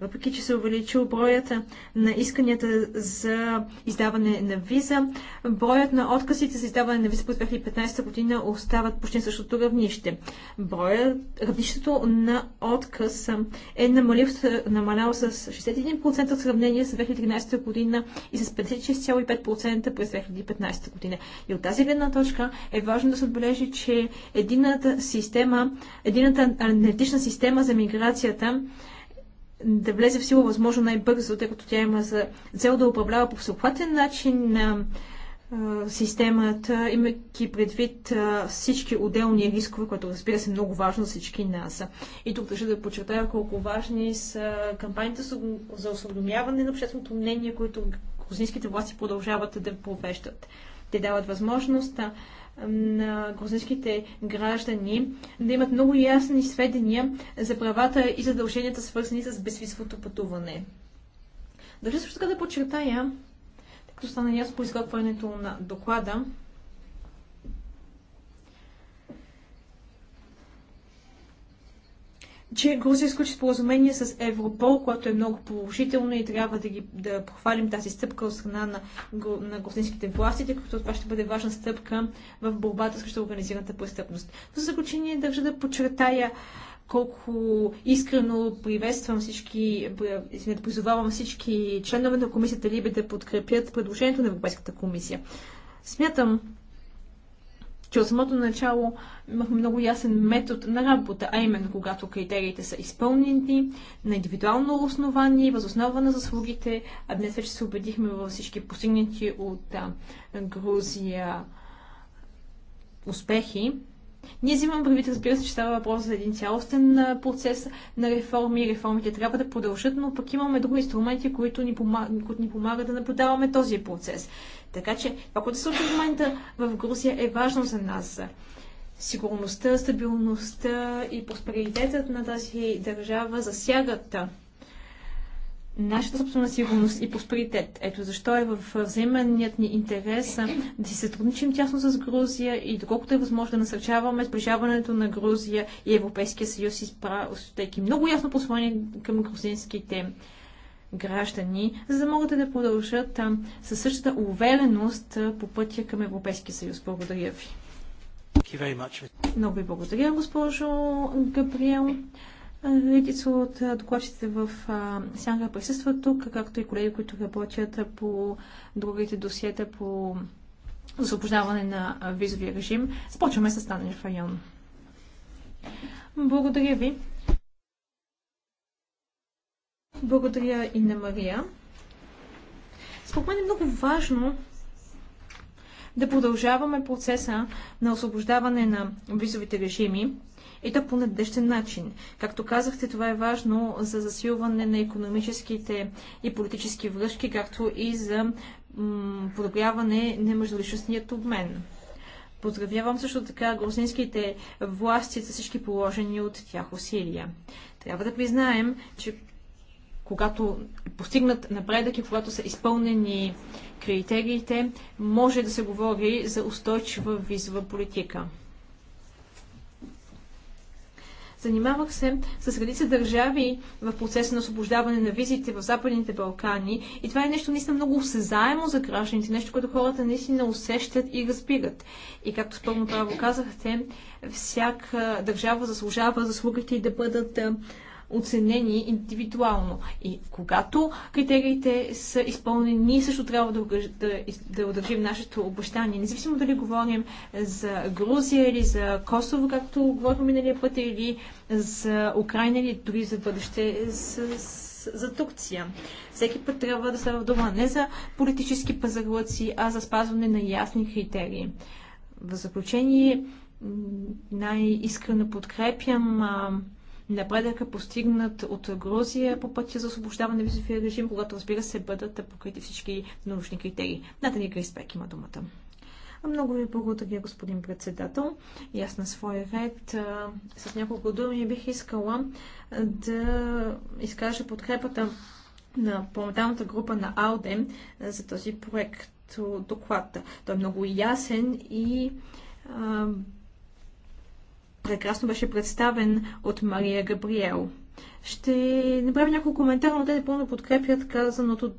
Въпреки, че се увеличил броят на исканията за издаване на виза, броят на отказите за издаване на виза през 2015 година остават почти същото равнище. Броят, равнището на отказ е намалил, намалял с 61% в сравнение с 2013 година и с 56,5% през 2015 година. И от тази гледна точка е важно да се отбележи, че едината система, едината аналитична система за миграцията да влезе в сила възможно най-бързо, тъй като тя има за цел да управлява по всеобхватен начин на системата, имайки предвид всички отделни рискове, което разбира се е много важно за всички нас. И тук държа да подчертая колко важни са кампаниите за осведомяване на общественото мнение, които грузинските власти продължават да провеждат. Те дават възможност на грузинските граждани да имат много ясни сведения за правата и задълженията, свързани с безвизовото пътуване. Държа също така да подчертая, като стана ясно по изготвянето на доклада, че Грузия изключи споразумение с Европол, което е много положително и трябва да, ги, да похвалим тази стъпка от страна на, на грузинските власти, тъй като това ще бъде важна стъпка в борбата срещу организираната престъпност. В заключение държа да подчертая колко искрено приветствам всички, призовавам всички членове на комисията Либе да подкрепят предложението на Европейската комисия. Смятам, че от самото начало имахме много ясен метод на работа, а именно когато критериите са изпълнени на индивидуално основание, възоснова на заслугите, а днес вече се убедихме във всички постигнати от а, Грузия успехи. Ние взимам предвид, разбира се, че става въпрос за един цялостен процес на реформи. Реформите трябва да продължат, но пък имаме други инструменти, които ни, помагат, които ни помагат да наблюдаваме този процес. Така че това, което се случва в момента в Грузия е важно за нас. Сигурността, стабилността и просперитетът на тази държава засягат нашата собствена сигурност и просперитет. Ето защо е в взаимният ни интерес да си сътрудничим тясно с Грузия и доколкото е възможно да насърчаваме сближаването на Грузия и Европейския съюз, изпра, много ясно послание към грузинските граждани, за да могат да продължат със същата увереност по пътя към Европейския съюз. Благодаря ви. Много ви благодаря, госпожо Габриел. Редица от докладчите в Сянга присъстват тук, както и колеги, които работят по другите досиета по освобождаване на визовия режим. Започваме с Танев район. Благодаря ви. Благодаря и на Мария. Според мен е много важно да продължаваме процеса на освобождаване на визовите режими и да по надежден начин. Както казахте, това е важно за засилване на економическите и политически връзки, както и за подобряване на междуличностният обмен. Поздравявам също така грузинските власти за всички положени от тях усилия. Трябва да признаем, че когато постигнат напредък и когато са изпълнени критериите, може да се говори за устойчива визова политика. Занимавах се с редица държави в процеса на освобождаване на визите в Западните Балкани и това е нещо наистина много осезаемо за гражданите, нещо, което хората наистина усещат и разбират. И както с пълно право казахте, всяка държава заслужава заслугите да бъдат оценени индивидуално. И когато критериите са изпълнени, ние също трябва да, да, да удържим нашето обещание. Независимо дали говорим за Грузия или за Косово, както говорихме миналия път, или за Украина, или дори за бъдеще с, с, за Турция. Всеки път трябва да става дума не за политически пазарлъци, а за спазване на ясни критерии. В заключение, най-искрено подкрепям напредъка е постигнат от Грузия по пътя за освобождаване на визовия режим, когато разбира се бъдат покрити всички научни критерии. Натани Криспек има думата. Много ви благодаря, господин председател. И аз на свой ред с няколко думи бих искала да изкажа подкрепата на парламентарната група на АЛДЕ за този проект доклад. Той е много ясен и а, прекрасно беше представен от Мария Габриел. Ще направя няколко коментара, но те напълно подкрепят казаното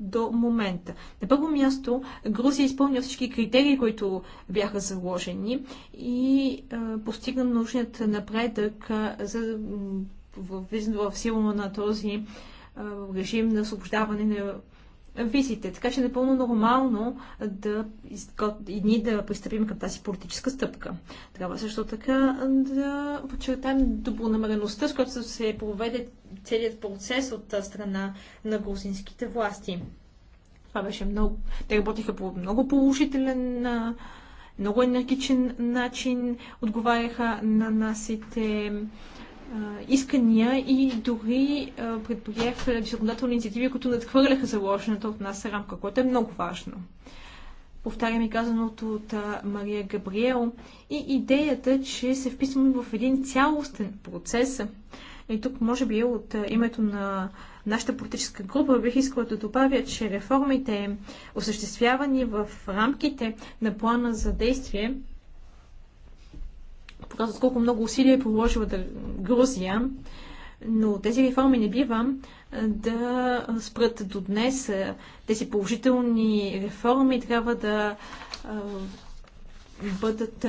до момента. На първо място, Грузия изпълня всички критерии, които бяха заложени и е, постигна нужният напредък за влизането в сила на този е, режим на освобождаване на визите. Така че е напълно нормално да и ние да пристъпим към тази политическа стъпка. Трябва също така да подчертаем добронамереността, с която се проведе целият процес от страна на грузинските власти. Това беше много... Те работиха по много положителен много енергичен начин отговаряха на нашите искания и дори предприех законодателни инициативи, които надхвърляха заложената от нас рамка, което е много важно. Повтарям и казаното от Мария Габриел и идеята, че се вписваме в един цялостен процес. И тук, може би, от името на нашата политическа група бих искала да добавя, че реформите, осъществявани в рамките на плана за действие, показват колко много усилия е положила Грузия, но тези реформи не бива да спрат до днес. Тези положителни реформи трябва да бъдат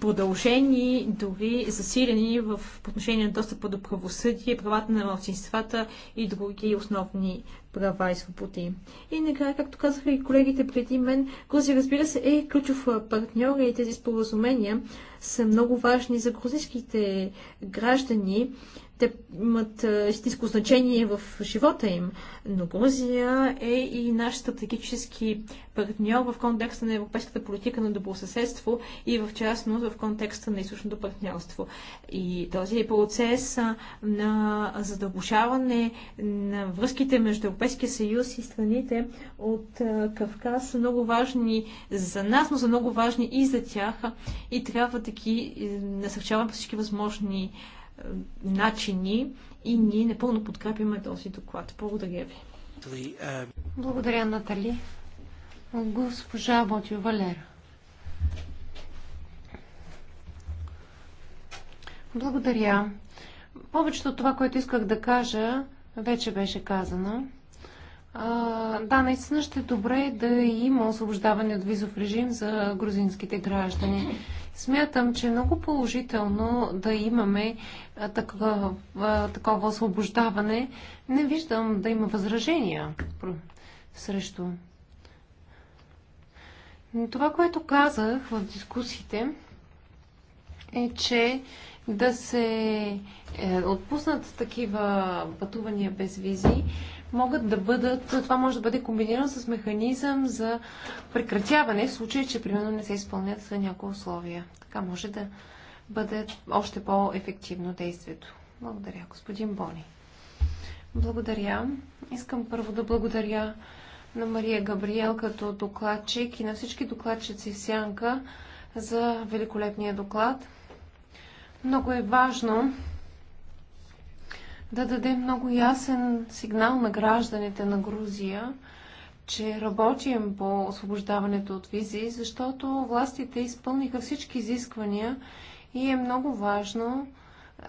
продължени, дори засилени в отношение на достъпа до правосъдие, правата на младсинствата и други основни права и свободи. И накрая, както казаха и колегите преди мен, Грузия, разбира се, е ключов партньор и тези споразумения са много важни за грузинските граждани те имат истинско значение в живота им. Но Грузия е и наш стратегически партньор в контекста на европейската политика на добросъседство и в частност в контекста на източното партньорство. И този процес на задълбочаване на връзките между Европейския съюз и страните от Кавказ са много важни за нас, но са много важни и за тях и трябва да ги е, насърчаваме по всички възможни е, начини и ние напълно подкрепяме този доклад. Благодаря ви.
Благодаря, Натали. Госпожа Ботио Валера. Благодаря. Повечето от това, което исках да кажа, вече беше казано. А, да, наистина ще е добре да има освобождаване от визов режим за грузинските граждани. Смятам, че е много положително да имаме такова, такова освобождаване. Не виждам да има възражения срещу. Това, което казах в дискусите, е, че да се е, отпуснат такива пътувания без визи, могат да бъдат, това може да бъде комбинирано с механизъм за прекратяване в случай, че примерно не се изпълнят някои условия. Така може да бъде още по-ефективно действието. Благодаря, господин Бони. Благодаря. Искам първо да благодаря на Мария Габриел като докладчик и на всички докладчици в Сянка за великолепния доклад. Много е важно да даде много ясен сигнал на гражданите на Грузия, че работим по освобождаването от визи, защото властите изпълниха всички изисквания и е много важно е,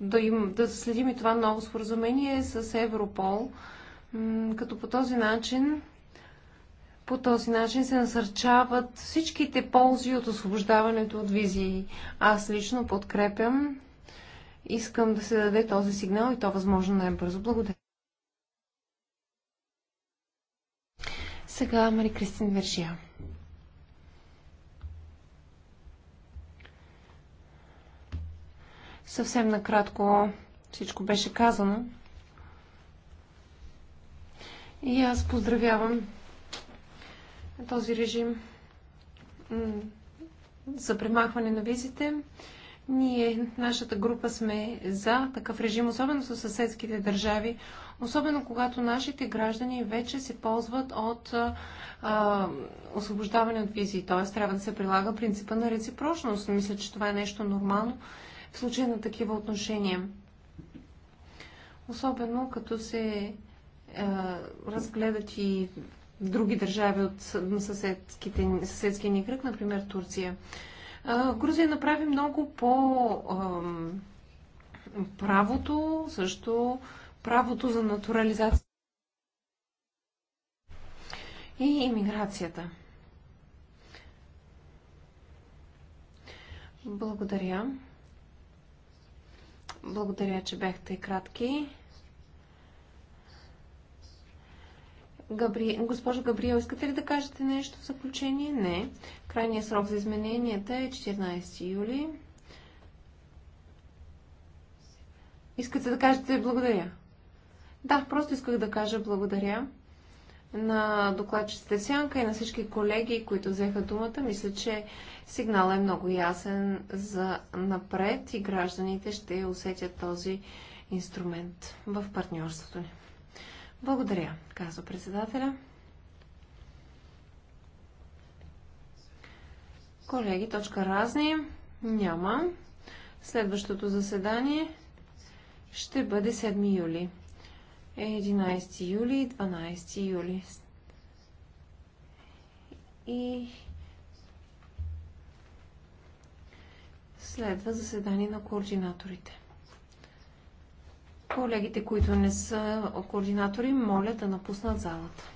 да, им, да следим и това ново споразумение с Европол, като по този начин по този начин се насърчават всичките ползи от освобождаването от визии. Аз лично подкрепям. Искам да се даде този сигнал и то възможно най-бързо. Благодаря. Сега Мари Кристин Вержия. Съвсем накратко всичко беше казано. И аз поздравявам този режим за премахване на визите. Ние, нашата група сме за такъв режим, особено с съседските държави, особено когато нашите граждани вече се ползват от а, освобождаване от визи, т.е. трябва да се прилага принципа на реципрочност. Мисля, че това е нещо нормално в случай на такива отношения. Особено като се а, разгледат и други държави от съседския ни кръг, например Турция. Грузия направи много по правото, също правото за натурализация и иммиграцията. Благодаря. Благодаря, че бяхте кратки. Габри... Госпожо Габриел, искате ли да кажете нещо в заключение? Не. Крайният срок за измененията е 14 юли. Искате да кажете благодаря? Да, просто исках да кажа благодаря на докладчиците Сянка и на всички колеги, които взеха думата. Мисля, че сигналът е много ясен за напред и гражданите ще усетят този инструмент в партньорството ни. Благодаря, казва председателя. Колеги, точка разни няма. Следващото заседание ще бъде 7 юли. 11 е, юли и 12 юли. И следва заседание на координаторите. Колегите, които не са координатори, моля да напуснат залата.